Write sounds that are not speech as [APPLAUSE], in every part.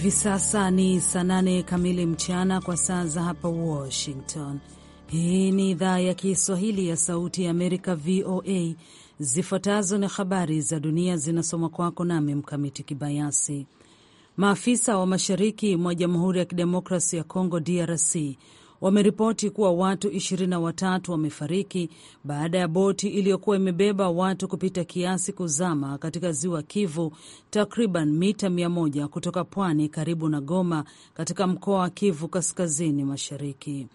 Hivi sasa ni saa nane kamili mchana kwa saa za hapa Washington. Hii ni idhaa ya Kiswahili ya Sauti ya Amerika, VOA. Zifuatazo na habari za dunia zinasoma kwako nami Mkamiti Kibayasi. Maafisa wa mashariki mwa Jamhuri ya Kidemokrasi ya Kongo, DRC, wameripoti kuwa watu watatu wamefariki baada ya boti iliyokuwa imebeba watu kupita kiasi kuzama katika ziwa Kivu, takriban mita 1 kutoka pwani karibu na Goma, katika mkoa wa Kivu kaskazini mashariki.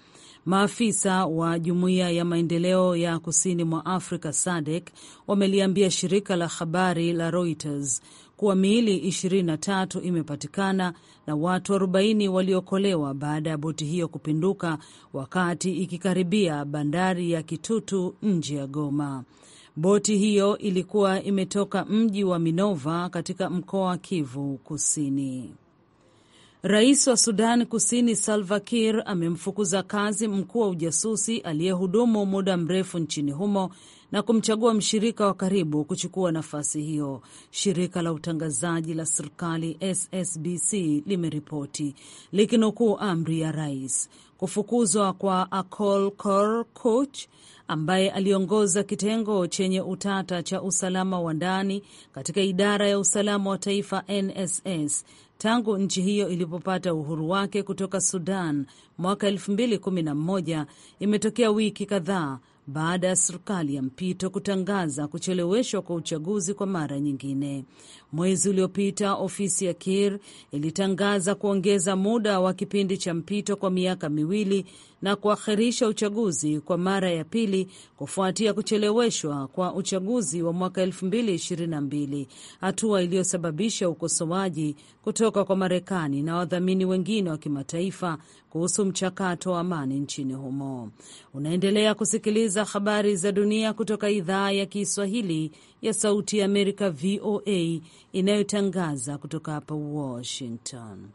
Maafisa wa jumuiya ya maendeleo ya kusini mwa Afrika SADC wameliambia shirika la habari la Reuters kuwa miili 23 imepatikana na watu 40 waliokolewa baada ya boti hiyo kupinduka wakati ikikaribia bandari ya Kitutu nje ya Goma. Boti hiyo ilikuwa imetoka mji wa Minova katika mkoa wa Kivu Kusini. Rais wa Sudan Kusini Salva Kiir amemfukuza kazi mkuu wa ujasusi aliyehudumu muda mrefu nchini humo na kumchagua mshirika wa karibu kuchukua nafasi hiyo, shirika la utangazaji la serikali SSBC limeripoti likinukuu amri ya rais. Kufukuzwa kwa Akol Kor Koch ambaye aliongoza kitengo chenye utata cha usalama wa ndani katika idara ya usalama wa taifa NSS tangu nchi hiyo ilipopata uhuru wake kutoka Sudan mwaka 2011 imetokea wiki kadhaa baada ya serikali ya mpito kutangaza kucheleweshwa kwa uchaguzi kwa mara nyingine. Mwezi uliopita, ofisi ya Kir ilitangaza kuongeza muda wa kipindi cha mpito kwa miaka miwili na kuakhirisha uchaguzi kwa mara ya pili kufuatia kucheleweshwa kwa uchaguzi wa mwaka 2022, hatua iliyosababisha ukosoaji kutoka kwa Marekani na wadhamini wengine wa kimataifa kuhusu mchakato wa amani nchini humo. Unaendelea kusikiliza habari za dunia kutoka idhaa ya Kiswahili ya Sauti ya Amerika, VOA, inayotangaza kutoka hapa Washington.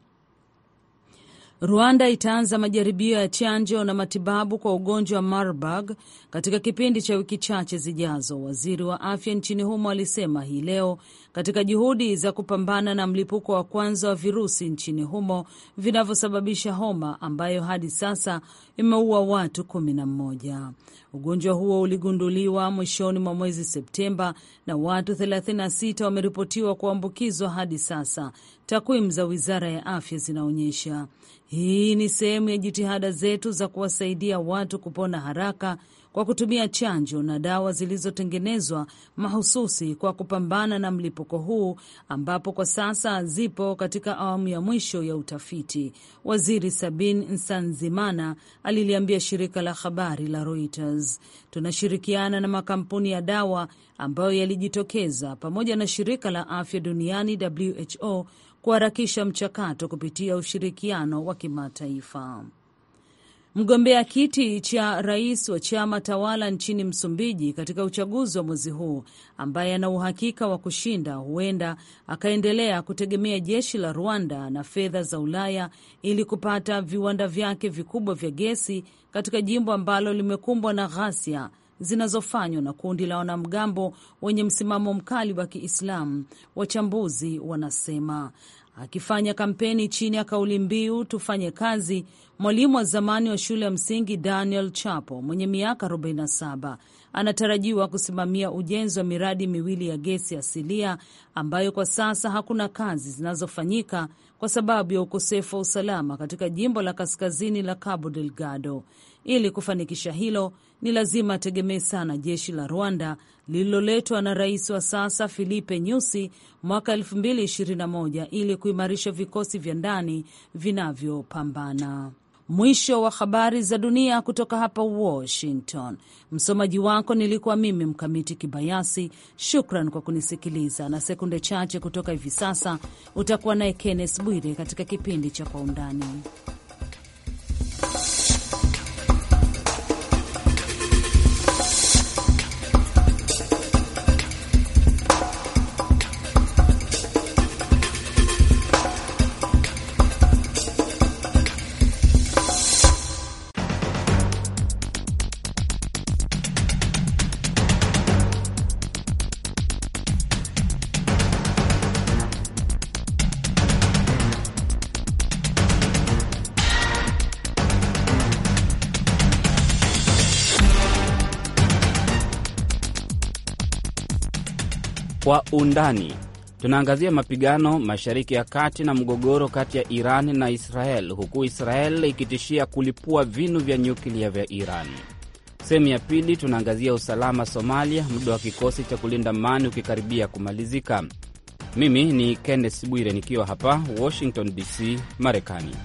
Rwanda itaanza majaribio ya chanjo na matibabu kwa ugonjwa wa Marburg katika kipindi cha wiki chache zijazo, waziri wa afya nchini humo alisema hii leo katika juhudi za kupambana na mlipuko wa kwanza wa virusi nchini humo vinavyosababisha homa ambayo hadi sasa imeua watu kumi na mmoja. Ugonjwa huo uligunduliwa mwishoni mwa mwezi Septemba na watu 36 wameripotiwa kuambukizwa hadi sasa, takwimu za wizara ya afya zinaonyesha. Hii ni sehemu ya jitihada zetu za kuwasaidia watu kupona haraka kwa kutumia chanjo na dawa zilizotengenezwa mahususi kwa kupambana na mlipuko huu ambapo kwa sasa zipo katika awamu ya mwisho ya utafiti. Waziri Sabin Nsanzimana aliliambia shirika la habari la Reuters, tunashirikiana na makampuni ya dawa ambayo yalijitokeza pamoja na shirika la afya duniani WHO kuharakisha mchakato kupitia ushirikiano wa kimataifa. Mgombea kiti cha rais wa chama tawala nchini Msumbiji katika uchaguzi wa mwezi huu ambaye ana uhakika wa kushinda huenda akaendelea kutegemea jeshi la Rwanda na fedha za Ulaya ili kupata viwanda vyake vikubwa vya gesi katika jimbo ambalo limekumbwa na ghasia zinazofanywa na kundi la wanamgambo wenye msimamo mkali wa Kiislamu, wachambuzi wanasema. Akifanya kampeni chini ya kauli mbiu tufanye kazi, mwalimu wa zamani wa shule ya msingi Daniel Chapo mwenye miaka 47 anatarajiwa kusimamia ujenzi wa miradi miwili ya gesi asilia ambayo kwa sasa hakuna kazi zinazofanyika kwa sababu ya ukosefu wa usalama katika jimbo la kaskazini la Cabo Delgado. Ili kufanikisha hilo, ni lazima ategemee sana jeshi la Rwanda lililoletwa na rais wa sasa Filipe Nyusi mwaka 2021 ili kuimarisha vikosi vya ndani vinavyopambana. Mwisho wa habari za dunia kutoka hapa Washington. Msomaji wako nilikuwa mimi Mkamiti Kibayasi. Shukran kwa kunisikiliza, na sekunde chache kutoka hivi sasa utakuwa naye Kennes Bwire katika kipindi cha Kwa Undani. Kwa undani tunaangazia mapigano Mashariki ya Kati na mgogoro kati ya Iran na Israel, huku Israel ikitishia kulipua vinu vya nyuklia vya Iran. Sehemu ya pili tunaangazia usalama Somalia, muda wa kikosi cha kulinda amani ukikaribia kumalizika. Mimi ni Kenneth Bwire nikiwa hapa Washington DC, Marekani.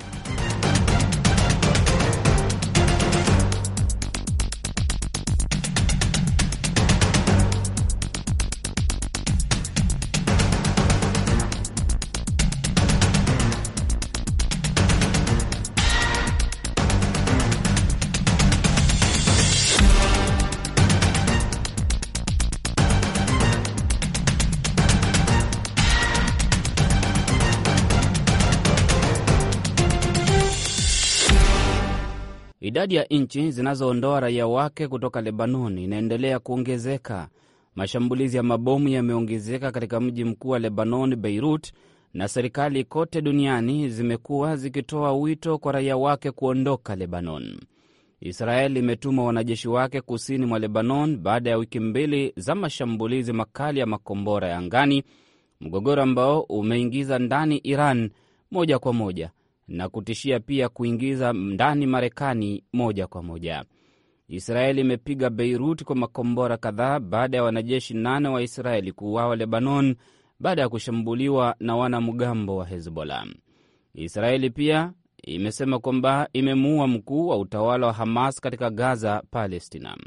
Idadi ya nchi zinazoondoa raia wake kutoka Lebanon inaendelea kuongezeka. Mashambulizi ya mabomu yameongezeka katika mji mkuu wa Lebanon, Beirut, na serikali kote duniani zimekuwa zikitoa wito kwa raia wake kuondoka Lebanon. Israeli imetuma wanajeshi wake kusini mwa Lebanon baada ya wiki mbili za mashambulizi makali ya makombora ya angani, mgogoro ambao umeingiza ndani Iran moja kwa moja na kutishia pia kuingiza ndani Marekani moja kwa moja. Israeli imepiga Beirut kwa makombora kadhaa baada ya wanajeshi nane wa Israeli kuuawa Lebanon baada ya kushambuliwa na wanamgambo wa Hezbollah. Israeli pia imesema kwamba imemuua mkuu wa utawala wa Hamas katika Gaza, Palestina.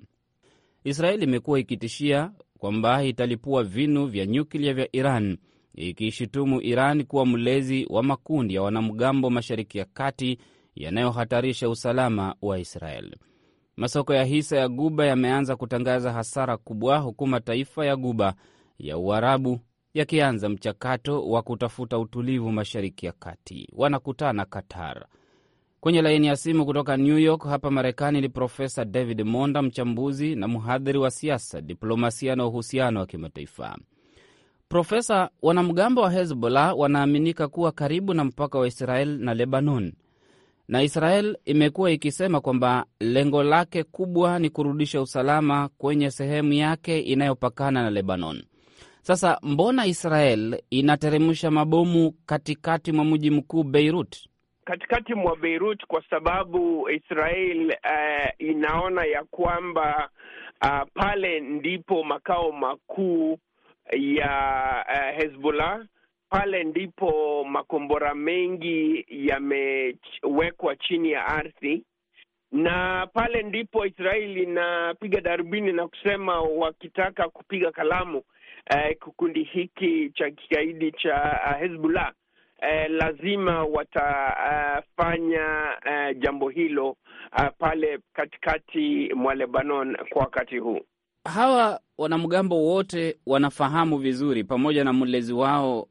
Israeli imekuwa ikitishia kwamba italipua vinu vya nyuklia vya Iran ikishutumu Iran kuwa mlezi wa makundi ya wanamgambo Mashariki ya Kati yanayohatarisha usalama wa Israel. Masoko ya hisa ya Guba yameanza kutangaza hasara kubwa, huku mataifa ya Guba ya Uarabu yakianza mchakato wa kutafuta utulivu Mashariki ya Kati. Wanakutana Qatar. Kwenye laini ya simu kutoka New York hapa Marekani ni Profesa David Monda, mchambuzi na mhadhiri wa siasa, diplomasia na uhusiano wa kimataifa. Profesa, wanamgambo wa Hezbollah wanaaminika kuwa karibu na mpaka wa Israel na Lebanon, na Israel imekuwa ikisema kwamba lengo lake kubwa ni kurudisha usalama kwenye sehemu yake inayopakana na Lebanon. Sasa mbona Israel inateremsha mabomu katikati mwa mji mkuu Beirut? Katikati mwa Beirut kwa sababu Israel uh, inaona ya kwamba uh, pale ndipo makao makuu ya uh, Hezbollah. Pale ndipo makombora mengi yamewekwa chini ya ardhi, na pale ndipo Israeli inapiga darubini na kusema wakitaka kupiga kalamu uh, kikundi hiki cha kigaidi cha uh, Hezbollah. Eh, lazima watafanya uh, uh, jambo hilo uh, pale katikati mwa Lebanon kwa wakati huu hawa wanamgambo wote wanafahamu vizuri, pamoja na mlezi wao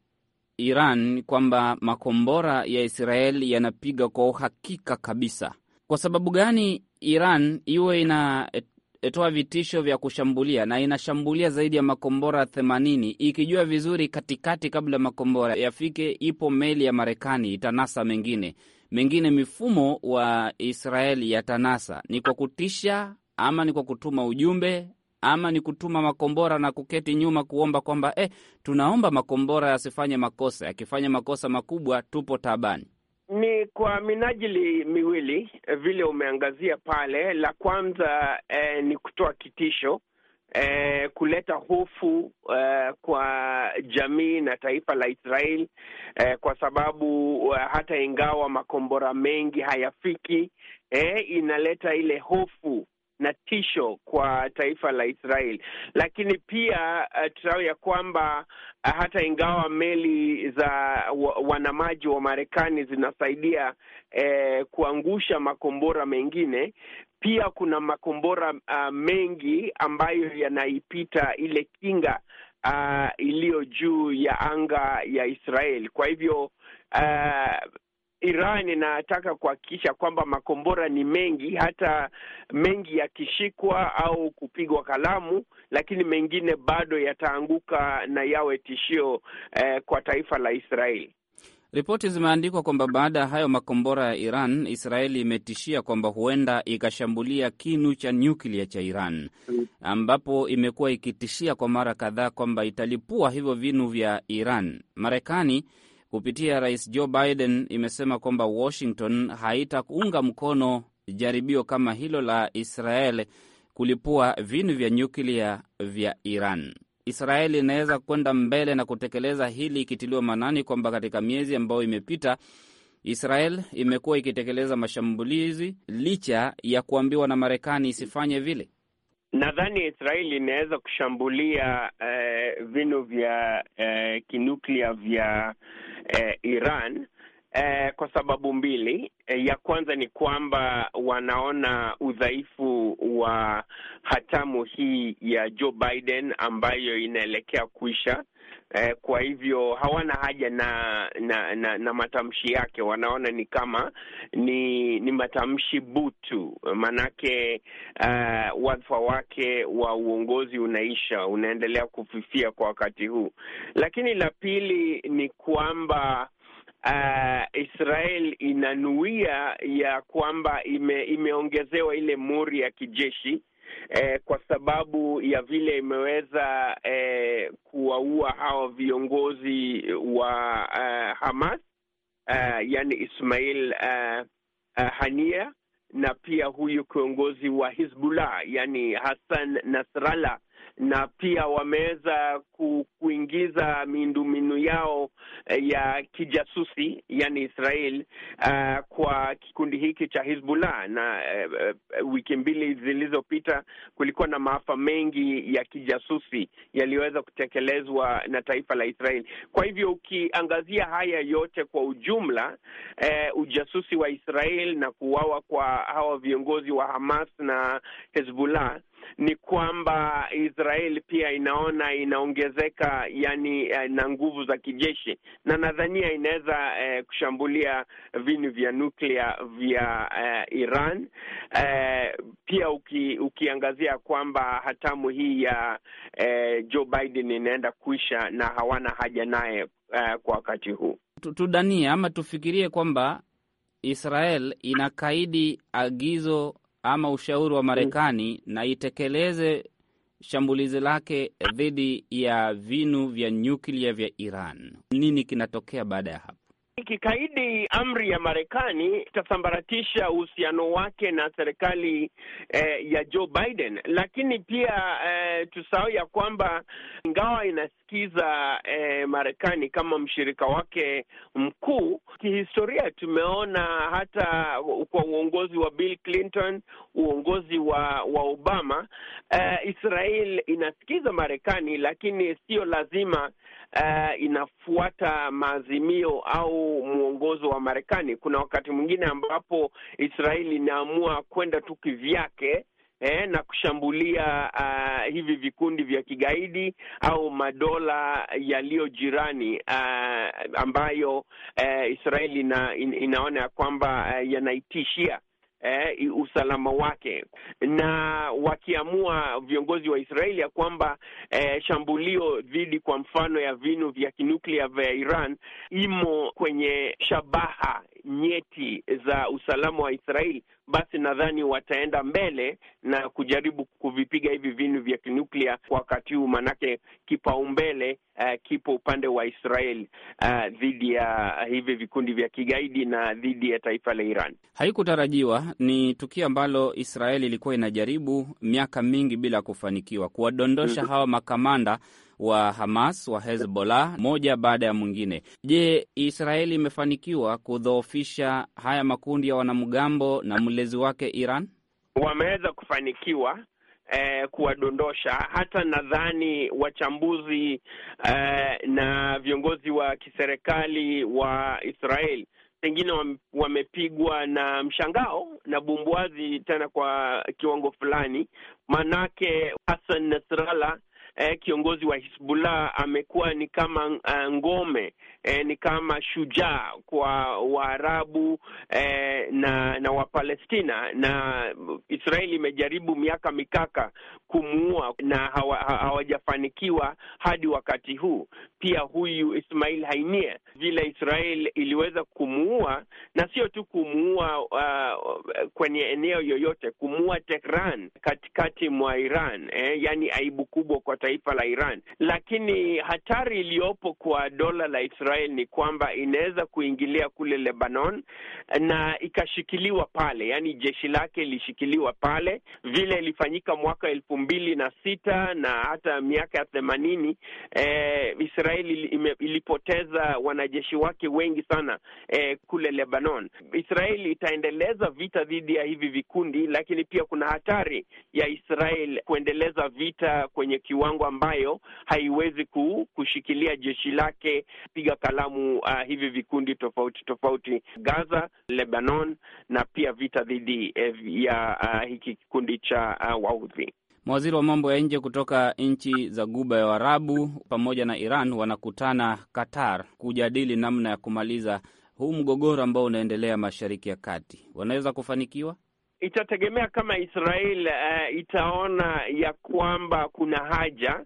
Iran, kwamba makombora ya Israel yanapiga kwa uhakika kabisa. Kwa sababu gani Iran iwe inatoa vitisho vya kushambulia na inashambulia zaidi ya makombora 80 ikijua vizuri katikati, kabla makombora yafike, ipo meli ya Marekani itanasa mengine mengine, mifumo wa Israeli yatanasa. Ni kwa kutisha ama ni kwa kutuma ujumbe ama ni kutuma makombora na kuketi nyuma kuomba kwamba eh, tunaomba makombora yasifanye makosa, yakifanya makosa makubwa tupo taabani? Ni kwa minajili miwili eh, vile umeangazia pale. La kwanza eh, ni kutoa kitisho Eh, kuleta hofu eh, kwa jamii na taifa la Israel eh, kwa sababu eh, hata ingawa makombora mengi hayafiki eh, inaleta ile hofu na tisho kwa taifa la Israel, lakini pia uh, tunao ya kwamba uh, hata ingawa meli za wanamaji wa Marekani zinasaidia eh, kuangusha makombora mengine pia kuna makombora uh, mengi ambayo yanaipita ile kinga uh, iliyo juu ya anga ya Israel. Kwa hivyo uh, Iran inataka kuhakikisha kwamba makombora ni mengi, hata mengi yakishikwa au kupigwa kalamu, lakini mengine bado yataanguka na yawe tishio eh, kwa taifa la Israeli. Ripoti zimeandikwa kwamba baada ya hayo makombora ya Iran, Israeli imetishia kwamba huenda ikashambulia kinu cha nyuklia cha Iran, ambapo imekuwa ikitishia kwa mara kadhaa kwamba italipua hivyo vinu vya Iran. Marekani kupitia rais Joe Biden imesema kwamba Washington haitaunga mkono jaribio kama hilo la Israel kulipua vinu vya nyuklia vya Iran. Israel inaweza kwenda mbele na kutekeleza hili ikitiliwa maanani kwamba katika miezi ambayo imepita Israel imekuwa ikitekeleza mashambulizi licha ya kuambiwa na Marekani isifanye vile. Nadhani Israel inaweza kushambulia eh, vinu vya eh, kinuklia vya eh, Iran eh, kwa sababu mbili. Eh, ya kwanza ni kwamba wanaona udhaifu wa hatamu hii ya Joe Biden ambayo inaelekea kuisha eh, kwa hivyo hawana haja na na, na, na matamshi yake. Wanaona ni kama ni ni matamshi butu, maanake uh, eh, wadhifa wake wa uongozi unaisha, unaendelea kufifia kwa wakati huu. Lakini la pili ni kwamba Uh, Israel ina nuia ya kwamba ime, imeongezewa ile muri ya kijeshi eh, kwa sababu ya vile imeweza eh, kuwaua hawa viongozi wa uh, Hamas uh, yani Ismail uh, uh, Hania na pia huyu kiongozi wa Hizbullah yani Hassan Nasrallah na pia wameweza kuingiza miundombinu yao eh, ya kijasusi yani Israel uh, kwa kikundi hiki cha Hizbullah na uh, wiki mbili zilizopita kulikuwa na maafa mengi ya kijasusi yaliyoweza kutekelezwa na taifa la Israel. Kwa hivyo ukiangazia haya yote kwa ujumla, uh, ujasusi wa Israel na kuuawa kwa hawa viongozi wa Hamas na Hezbollah ni kwamba Israel pia inaona inaongezeka, yani eh, na nguvu za kijeshi, na nadhania inaweza eh, kushambulia vinu vya nuklia vya eh, Iran eh, pia uki, ukiangazia kwamba hatamu hii ya eh, Joe Biden inaenda kuisha na hawana haja naye eh, kwa wakati huu. Tudanie ama tufikirie kwamba Israel inakaidi agizo ama ushauri wa mm. Marekani na itekeleze shambulizi lake dhidi ya vinu vya nyuklia vya Iran. Nini kinatokea baada ya hapo? ikikaidi amri ya Marekani itasambaratisha uhusiano wake na serikali eh, ya Joe Biden. Lakini pia eh, tusahau ya kwamba ingawa inasikiza eh, Marekani kama mshirika wake mkuu, kihistoria tumeona hata kwa uongozi wa Bill Clinton, uongozi wa wa Obama, eh, Israel inasikiza Marekani, lakini sio lazima uh, inafuata maazimio au mwongozo wa Marekani. Kuna wakati mwingine ambapo Israeli inaamua kwenda tu kivyake eh, na kushambulia uh, hivi vikundi vya kigaidi au madola yaliyo jirani uh, ambayo uh, Israeli ina, in, inaona ya kwamba uh, yanaitishia eh, usalama wake, na wakiamua viongozi wa Israeli ya kwamba eh, shambulio dhidi kwa mfano ya vinu vya kinuklia vya Iran imo kwenye shabaha nyeti za usalama wa Israeli, basi nadhani wataenda mbele na kujaribu kuvipiga hivi vinu vya kinuklia kwa wakati huu, maanake kipaumbele uh, kipo upande wa Israeli uh, eh, dhidi ya hivi vikundi vya kigaidi na dhidi ya taifa la Iran. Haikutarajiwa, ni tukio ambalo Israeli ilikuwa inajaribu miaka mingi bila kufanikiwa kuwadondosha mm -hmm. hawa makamanda wa Hamas, wa Hezbollah, moja baada ya mwingine. Je, Israeli imefanikiwa kudhoofisha haya makundi ya wanamgambo na mlezi wake Iran? Wameweza kufanikiwa Eh, kuwadondosha. Hata nadhani wachambuzi eh, na viongozi wa kiserikali wa Israeli pengine wamepigwa na mshangao na bumbwazi tena kwa kiwango fulani, manake Hassan Nasrallah eh, kiongozi wa Hizbullah amekuwa ni kama uh, ngome eh, ni kama shujaa kwa Waarabu eh, na na Wapalestina, na Israeli imejaribu miaka mikaka kumuua na hawajafanikiwa hawa hadi wakati huu. Pia huyu Ismail Hainia, vile Israel iliweza kumuua na sio tu kumuua uh, kwenye eneo yoyote, kumuua Tehran, katikati mwa Iran eh, yani aibu kubwa kwa taifa la Iran, lakini hatari iliyopo kwa dola la Israel Israel ni kwamba inaweza kuingilia kule Lebanon na ikashikiliwa pale, yaani jeshi lake ilishikiliwa pale vile ilifanyika mwaka elfu mbili na sita na hata miaka ya themanini. Eh, Israeli ilipoteza wanajeshi wake wengi sana eh, kule Lebanon. Israeli itaendeleza vita dhidi ya hivi vikundi, lakini pia kuna hatari ya Israel kuendeleza vita kwenye kiwango ambayo haiwezi kushikilia jeshi lake piga kalamu uh, hivi vikundi tofauti tofauti Gaza, Lebanon na pia vita dhidi eh, ya uh, hiki kikundi cha uh, Waudhi. Mawaziri wa mambo ya nje kutoka nchi za Guba ya Uarabu pamoja na Iran wanakutana Qatar kujadili namna ya kumaliza huu mgogoro ambao unaendelea Mashariki ya Kati. Wanaweza kufanikiwa? Itategemea kama Israel uh, itaona ya kwamba kuna haja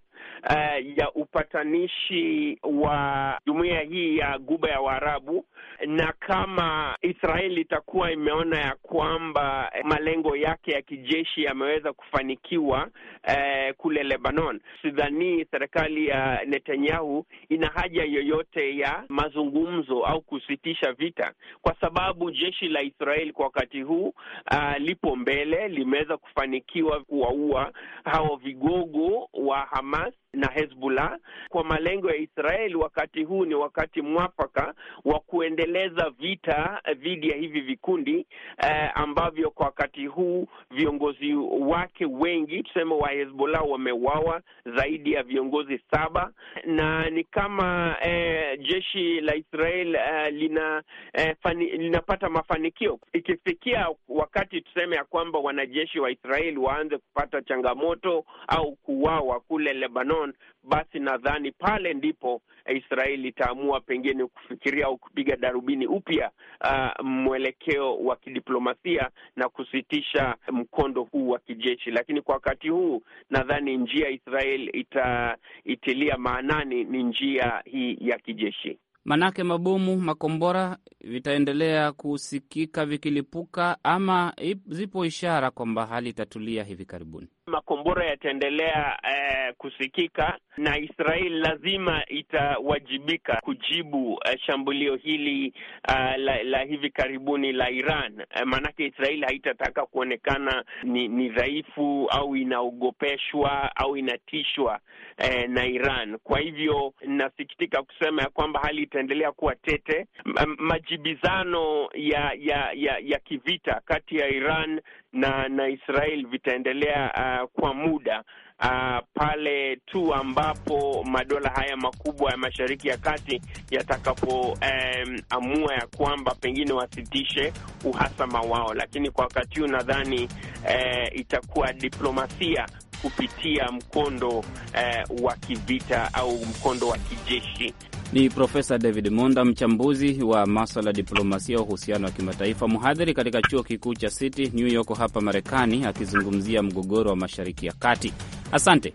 uh, ya upatanishi wa jumuiya hii ya guba ya Waarabu, na kama Israeli itakuwa imeona ya kwamba malengo yake ya kijeshi yameweza kufanikiwa uh, kule Lebanon, sidhani serikali ya Netanyahu ina haja yoyote ya mazungumzo au kusitisha vita, kwa sababu jeshi la Israeli kwa wakati huu uh, lipo mbele, limeweza kufanikiwa kuwaua hao vigogo wa Hamas na Hezbollah kwa malengo ya Israeli. Wakati huu ni wakati mwafaka wa kuendeleza vita dhidi ya hivi vikundi eh, ambavyo kwa wakati huu viongozi wake wengi tuseme wa Hezbollah wamewawa zaidi ya viongozi saba, na ni kama eh, jeshi la Israel eh, lina, eh, fani, linapata mafanikio ikifikia wakati tuseme ya kwamba wanajeshi wa Israeli waanze kupata changamoto au kuwawa kule Lebanon Lebanon, basi nadhani pale ndipo eh, Israeli itaamua pengine kufikiria au kupiga darubini upya uh, mwelekeo wa kidiplomasia na kusitisha mkondo huu wa kijeshi. Lakini kwa wakati huu nadhani njia Israeli itaitilia maanani ni njia hii ya kijeshi. Manake mabomu, makombora vitaendelea kusikika vikilipuka, ama zipo ishara kwamba hali itatulia hivi karibuni? makombora yataendelea eh, kusikika na israel lazima itawajibika kujibu eh, shambulio hili eh, la, la hivi karibuni la Iran eh, maanake israel haitataka kuonekana ni, ni dhaifu au inaogopeshwa au inatishwa eh, na Iran. Kwa hivyo nasikitika kusema ya kwamba hali itaendelea kuwa tete. M majibizano ya ya ya, ya kivita kati ya Iran na na Israel vitaendelea uh, kwa muda uh, pale tu ambapo madola haya makubwa ya Mashariki ya Kati yatakapoamua um, ya kwamba pengine wasitishe uhasama wao, lakini kwa wakati huu nadhani uh, itakuwa diplomasia kupitia mkondo eh, wa kivita au mkondo wa kijeshi. Ni Profesa David Monda, mchambuzi wa maswala ya diplomasia, uhusiano wa kimataifa, mhadhiri katika chuo kikuu cha City New York hapa Marekani, akizungumzia mgogoro wa Mashariki ya Kati. Asante,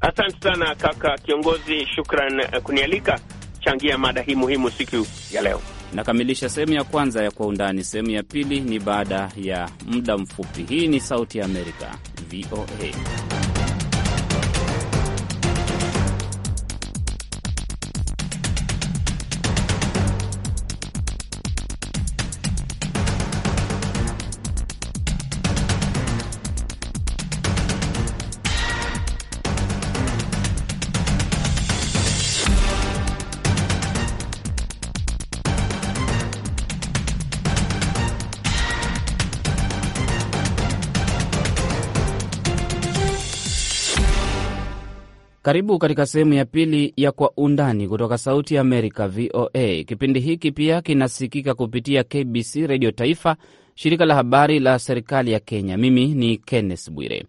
asante sana kaka kiongozi, shukran eh, kunialika changia mada hii muhimu siku ya leo. Nakamilisha sehemu ya kwanza ya Kwa Undani. Sehemu ya pili ni baada ya muda mfupi. Hii ni Sauti ya Amerika, VOA. Karibu katika sehemu ya pili ya Kwa Undani kutoka Sauti ya Amerika, VOA. Kipindi hiki pia kinasikika kupitia KBC Redio Taifa, shirika la habari la serikali ya Kenya. Mimi ni Kenneth Bwire.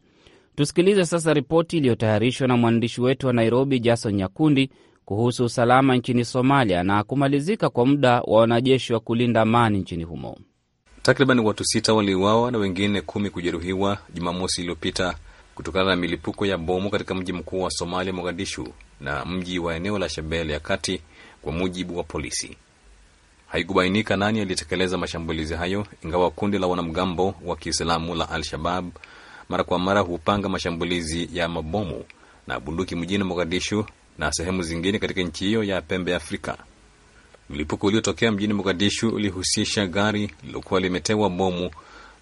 Tusikilize sasa ripoti iliyotayarishwa na mwandishi wetu wa Nairobi, Jason Nyakundi, kuhusu usalama nchini Somalia na kumalizika kwa muda wa wanajeshi wa kulinda amani nchini humo. Takriban watu sita waliuawa na wengine kumi kujeruhiwa Jumamosi iliyopita kutokana na milipuko ya bomu katika mji mkuu wa Somalia, Mogadishu, na mji wa eneo la Shabelle ya kati, kwa mujibu wa polisi. Haikubainika nani alitekeleza mashambulizi hayo, ingawa kundi la wanamgambo wa Kiislamu la Al-Shabab mara kwa mara hupanga mashambulizi ya mabomu na bunduki mjini Mogadishu na sehemu zingine katika nchi hiyo ya pembe Afrika. Mlipuko uliotokea mjini Mogadishu ulihusisha gari lilokuwa limetewa bomu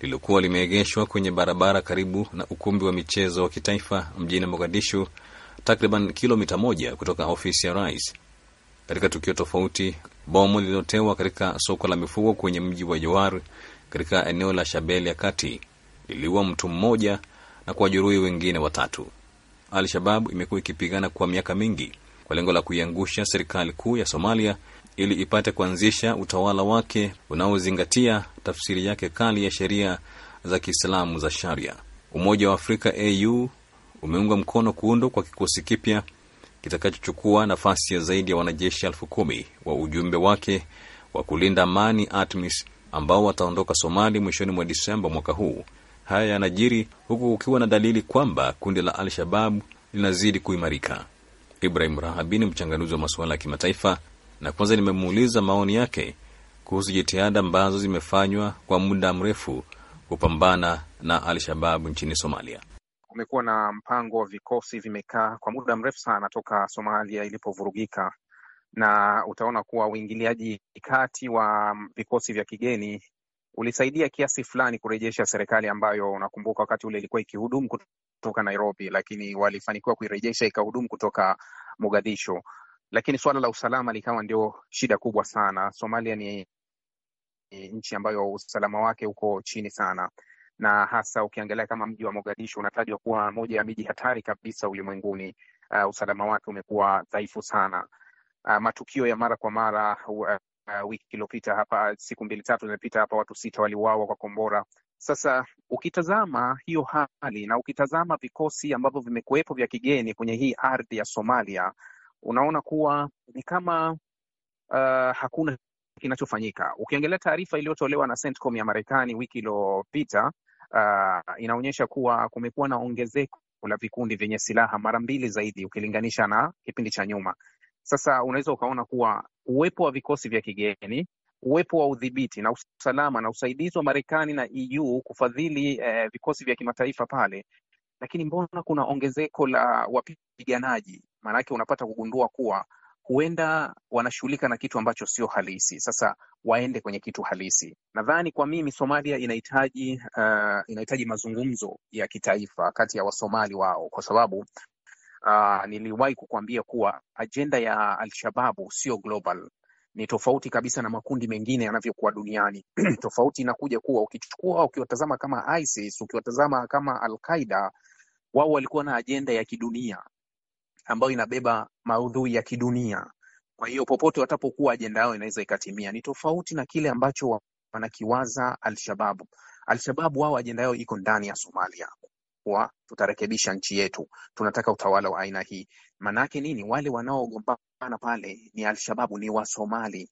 lililokuwa limeegeshwa kwenye barabara karibu na ukumbi wa michezo wa kitaifa mjini Mogadishu, takriban kilomita moja kutoka ofisi ya rais. Katika tukio tofauti, bomu lililotewa katika soko la mifugo kwenye mji wa Jowar katika eneo la Shabelle ya kati liliua mtu mmoja na kuwajeruhi wengine watatu. Al Shabab imekuwa ikipigana kwa miaka mingi kwa lengo la kuiangusha serikali kuu ya Somalia ili ipate kuanzisha utawala wake unaozingatia tafsiri yake kali ya sheria za Kiislamu za Sharia. Umoja wa Afrika AU umeunga mkono kuundwa kwa kikosi kipya kitakachochukua nafasi ya zaidi ya wanajeshi elfu kumi wa ujumbe wake wa kulinda amani ATMIS ambao wataondoka Somali mwishoni mwa Disemba mwaka huu. Haya yanajiri huku kukiwa na dalili kwamba kundi la Al-Shababu linazidi kuimarika. Ibrahim Rahabi ni mchanganuzi wa masuala ya kimataifa, na kwanza nimemuuliza maoni yake kuhusu jitihada ambazo zimefanywa kwa muda mrefu kupambana na Al-Shabab nchini Somalia. Kumekuwa na mpango wa vikosi vimekaa kwa muda mrefu sana toka Somalia ilipovurugika, na utaona kuwa uingiliaji kati wa vikosi vya kigeni ulisaidia kiasi fulani kurejesha serikali ambayo unakumbuka wakati ule ilikuwa ikihudumu kutoka Nairobi, lakini walifanikiwa kuirejesha ikahudumu kutoka Mogadishu. Lakini suala la usalama likawa ndio shida kubwa sana. Somalia ni nchi ambayo usalama wake uko chini sana, na hasa ukiangalia kama mji wa Mogadishu unatajwa kuwa moja ya miji hatari kabisa ulimwenguni. Uh, usalama wake umekuwa dhaifu sana. Uh, matukio ya mara kwa mara uh, uh, wiki iliyopita hapa, siku mbili tatu zimepita hapa, watu sita waliuawa kwa kombora sasa ukitazama hiyo hali na ukitazama vikosi ambavyo vimekuwepo vya kigeni kwenye hii ardhi ya Somalia, unaona kuwa ni kama uh, hakuna kinachofanyika. Ukiangalia taarifa iliyotolewa na CENTCOM ya Marekani wiki iliyopita, uh, inaonyesha kuwa kumekuwa na ongezeko la vikundi vyenye silaha mara mbili zaidi ukilinganisha na kipindi cha nyuma. Sasa unaweza ukaona kuwa uwepo wa vikosi vya kigeni uwepo wa udhibiti na usalama na usaidizi wa Marekani na EU kufadhili eh, vikosi vya kimataifa pale, lakini mbona kuna ongezeko la wapiganaji? Maanake unapata kugundua kuwa huenda wanashughulika na kitu ambacho sio halisi. Sasa waende kwenye kitu halisi. Nadhani kwa mimi Somalia inahitaji uh, inahitaji mazungumzo ya kitaifa kati ya Wasomali wao, kwa sababu uh, niliwahi kukuambia kuwa ajenda ya Alshababu sio global ni tofauti kabisa na makundi mengine yanavyokuwa duniani. [CLEARS THROAT] Tofauti inakuja kuwa ukichukua, ukiwatazama kama ISIS, ukiwatazama kama Al-Qaida, wao walikuwa na ajenda ya kidunia ambayo inabeba maudhui ya kidunia. Kwa hiyo popote watapokuwa, ajenda yao inaweza ikatimia. Ni tofauti na kile ambacho wanakiwaza Alshababu. Alshababu wao ajenda yao iko ndani ya Somalia wa tutarekebisha nchi yetu, tunataka utawala wa aina hii. Maanake nini? Wale wanaogombana ana pale ni Alshababu ni Wasomali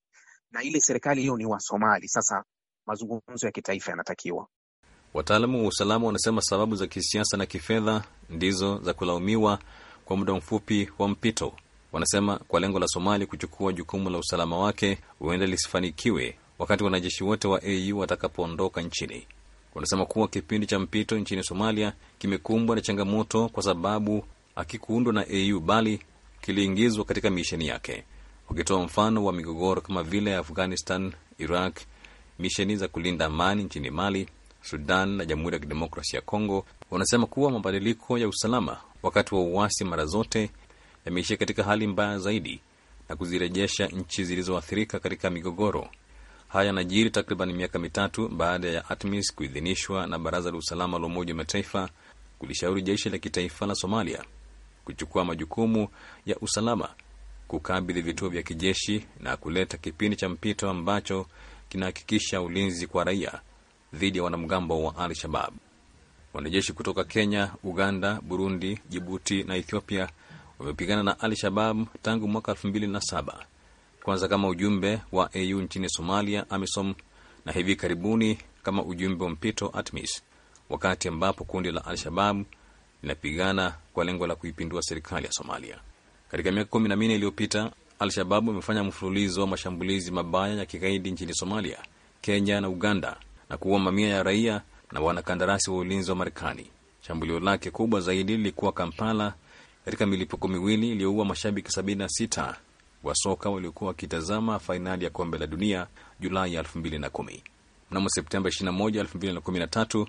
na ile serikali hiyo ni Wasomali. Sasa mazungumzo ya kitaifa yanatakiwa. Wataalamu wa usalama wanasema sababu za kisiasa na kifedha ndizo za kulaumiwa kwa muda mfupi wa mpito. Wanasema kwa lengo la Somali kuchukua jukumu la usalama wake huenda lisifanikiwe wakati wanajeshi wote wa AU watakapoondoka nchini. Wanasema kuwa kipindi cha mpito nchini Somalia kimekumbwa na changamoto kwa sababu hakikuundwa na AU bali kiliingizwa katika misheni yake, wakitoa mfano wa migogoro kama vile Afghanistan, Iraq, misheni za kulinda amani nchini Mali, Sudan na Jamhuri ya Kidemokrasia ya Kongo. Wanasema kuwa mabadiliko ya usalama wakati wa uasi mara zote yameishia katika hali mbaya zaidi na kuzirejesha nchi zilizoathirika katika migogoro. Haya yanajiri takriban miaka mitatu baada ya ATMIS kuidhinishwa na Baraza la Usalama la Umoja wa Mataifa kulishauri jeshi la kitaifa la Somalia kuchukua majukumu ya usalama, kukabidhi vituo vya kijeshi na kuleta kipindi cha mpito ambacho kinahakikisha ulinzi kwa raia dhidi ya wanamgambo wa Al-Shabab. Wanajeshi kutoka Kenya, Uganda, Burundi, Jibuti na Ethiopia wamepigana na Al-Shabab tangu mwaka 2007 kwanza kama ujumbe wa AU nchini Somalia, AMISOM, na hivi karibuni kama ujumbe wa mpito ATMIS, wakati ambapo kundi la Al-Shabab linapigana kwa lengo la kuipindua serikali ya Somalia. Katika miaka kumi na minne iliyopita, Al-Shababu imefanya mfululizo wa mashambulizi mabaya ya kigaidi nchini Somalia, Kenya na Uganda na kuua mamia ya raia na wanakandarasi wa ulinzi wa Marekani. Shambulio lake kubwa zaidi lilikuwa Kampala, katika milipuko miwili iliyoua mashabiki 76 wa soka waliokuwa wakitazama fainali ya kombe la dunia Julai kumi. Mnamo Septemba 21, 2013,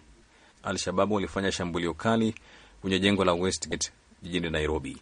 Al-Shababu walifanya shambulio kali kwenye jengo la Westgate jijini Nairobi.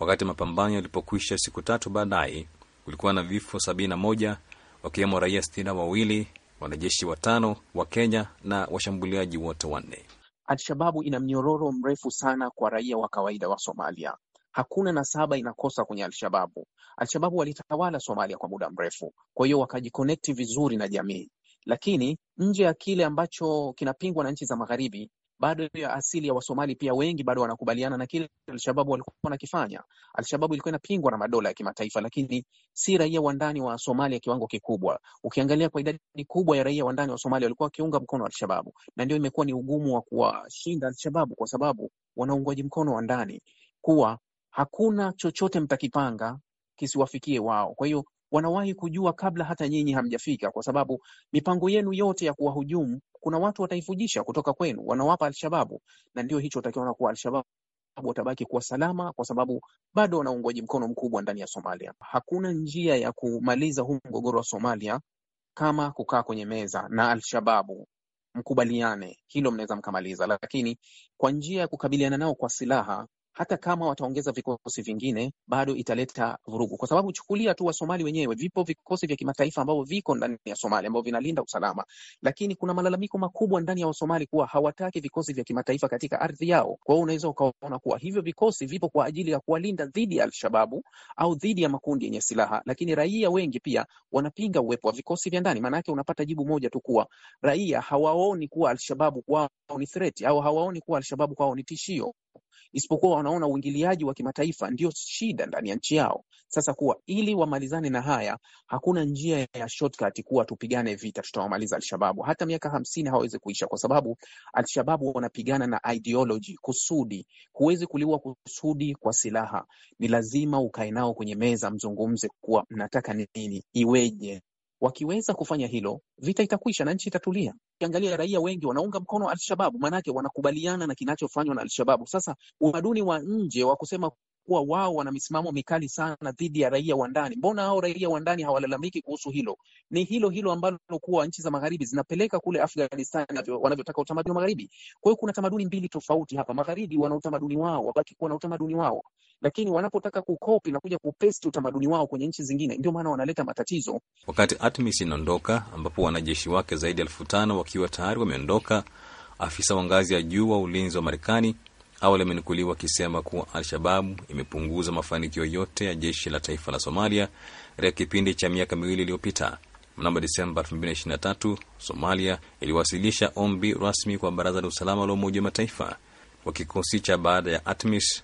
Wakati mapambano yalipokwisha siku tatu baadaye, kulikuwa na vifo sabini na moja wakiwemo raia sitini na wawili wanajeshi watano wa Kenya na washambuliaji wote wanne. Alshababu ina mnyororo mrefu sana kwa raia wa kawaida wa Somalia. Hakuna nasaba inakosa kwenye Alshababu. Alshababu walitawala Somalia kwa muda mrefu, kwa hiyo wakajikonekti vizuri na jamii, lakini nje ya kile ambacho kinapingwa na nchi za Magharibi, bado ya asili ya Wasomali pia wengi bado wanakubaliana na kile Alshababu walikuwa wanakifanya. Alshababu ilikuwa inapingwa na madola ya kimataifa, lakini si raia wa ndani wa Somalia kiwango kikubwa. Ukiangalia kwa idadi kubwa ya raia wa ndani wa Somalia walikuwa wakiunga mkono Alshababu, na ndio imekuwa ni ugumu wa kuwashinda Alshababu kwa sababu wana uungwaji mkono wa ndani, kuwa hakuna chochote mtakipanga kisiwafikie wao. Kwa hiyo wanawahi kujua kabla hata nyinyi hamjafika, kwa sababu mipango yenu yote ya kuwahujumu, kuna watu wataifujisha kutoka kwenu, wanawapa Alshababu. Na ndio hicho utakiona kuwa Alshababu watabaki kuwa salama, kwa sababu bado wana uungwaji mkono mkubwa ndani ya Somalia. Hakuna njia ya kumaliza huu mgogoro wa Somalia kama kukaa kwenye meza na Alshababu mkubaliane, hilo mnaweza mkamaliza, lakini kwa njia ya kukabiliana nao kwa silaha hata kama wataongeza vikosi vingine bado italeta vurugu, kwa sababu chukulia tu Wasomali wenyewe, vipo vikosi vya kimataifa ambavyo viko ndani ya Somalia ambavyo vinalinda usalama, lakini kuna malalamiko makubwa ndani ya Wasomali kuwa hawataki vikosi vya kimataifa katika ardhi yao. Kwa hiyo unaweza ukaona kuwa hivyo vikosi vipo kwa ajili ya kuwalinda dhidi ya Alshababu au dhidi ya makundi yenye silaha, lakini raia wengi pia wanapinga uwepo wa vikosi vya ndani. maanaake unapata jibu moja tu kuwa raia hawaoni kuwa Alshababu kwao ni threat au hawaoni kuwa Alshababu kwao ni tishio isipokuwa wanaona uingiliaji wa kimataifa ndio shida ndani ya nchi yao. Sasa kuwa ili wamalizane na haya, hakuna njia ya shortcut kuwa tupigane vita tutawamaliza Alshababu. Hata miaka hamsini hawawezi kuisha, kwa sababu Alshababu wanapigana na ideology, kusudi. Huwezi kuliua kusudi kwa silaha, ni lazima ukae nao kwenye meza, mzungumze kuwa mnataka nini, iweje Wakiweza kufanya hilo, vita itakwisha na nchi itatulia. Ukiangalia raia wengi wanaunga mkono Alshababu, maanake wanakubaliana na kinachofanywa na Alshababu. Sasa utamaduni wa nje wa kusema kuwa wao wana misimamo mikali sana dhidi ya raia wa ndani. Mbona hao raia wa ndani hawalalamiki kuhusu hilo? Ni hilo hilo ambalo kuwa nchi za magharibi zinapeleka kule Afghanistan wanavyotaka utamaduni wa magharibi. Kwa hiyo kuna tamaduni mbili tofauti hapa. Magharibi wana utamaduni wao, wabaki kuwa na utamaduni wao, lakini wanapotaka kukopi na kuja kupesti utamaduni wao kwenye nchi zingine, ndio maana wanaleta matatizo. Wakati ATMIS inaondoka, ambapo wanajeshi wake zaidi ya elfu tano wakiwa tayari wameondoka, afisa wa ngazi ya juu wa ulinzi wa Marekani awali amenukuliwa akisema kuwa Al-Shababu imepunguza mafanikio yote ya jeshi la taifa la Somalia katika kipindi cha miaka miwili iliyopita. Mnamo Desemba 2023 Somalia iliwasilisha ombi rasmi kwa Baraza la Usalama la Umoja wa Mataifa kwa kikosi cha baada ya ATMIS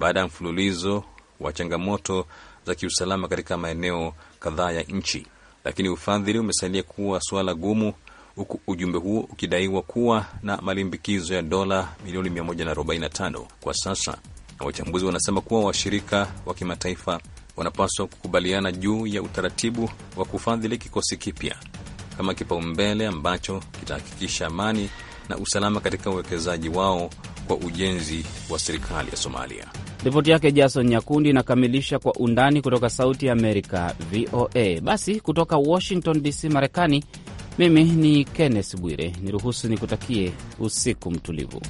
baada ya mfululizo wa changamoto za kiusalama katika maeneo kadhaa ya nchi, lakini ufadhili umesalia kuwa suala gumu huku ujumbe huo ukidaiwa kuwa na malimbikizo ya dola milioni 145 kwa sasa, na wachambuzi wanasema kuwa washirika wa kimataifa wanapaswa kukubaliana juu ya utaratibu wa kufadhili kikosi kipya kama kipaumbele ambacho kitahakikisha amani na usalama katika uwekezaji wao kwa ujenzi wa serikali ya Somalia. Ripoti yake Jason Nyakundi inakamilisha kwa undani kutoka Sauti ya Amerika, VOA. Basi kutoka Washington DC, Marekani. Mimi ni Kenneth Bwire, niruhusu nikutakie usiku mtulivu.